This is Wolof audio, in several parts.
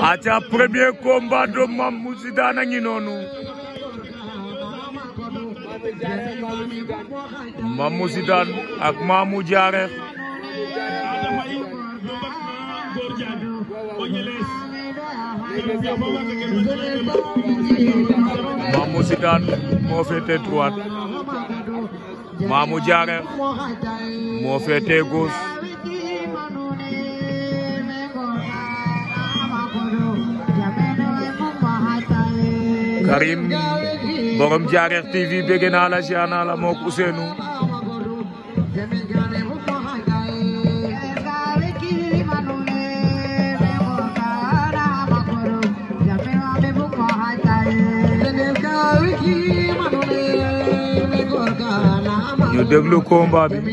aca premier combat do Mame Moussidane a ngi noonu Mame Moussidane ak Mamou Diaref Mame Moussidane moo féete droite Mamou Diaref moo féete gauche Karim borom Jaareex TV bégg naa la ziar naa la mook Ousseynou ñu déglu combat bi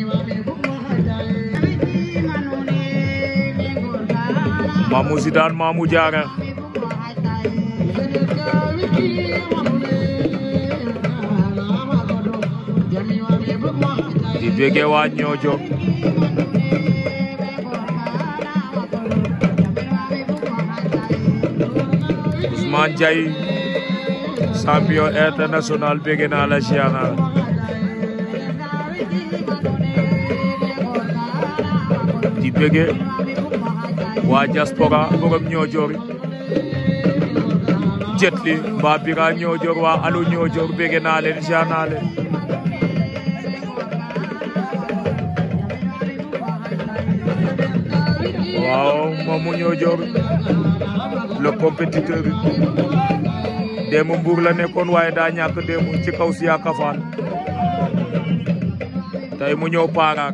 Mamou Zidane Mamou Diarra di bége waa ñoojo Ousmane Diaye champion international bége naa la siyaana di bége waa diaspora borom ñoojoor jetli mbaa bira ñoojoor waa alu ñoojoor bege naa leen ja naa leen waaw moomu ñoojoor le compétiteur démb Mbour la nekkoon waaye daa ñàkk démb ci kaw si yaaka faal tey mu ñëw Parar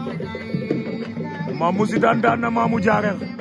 Mamou Zidane daan na Mamou Diarel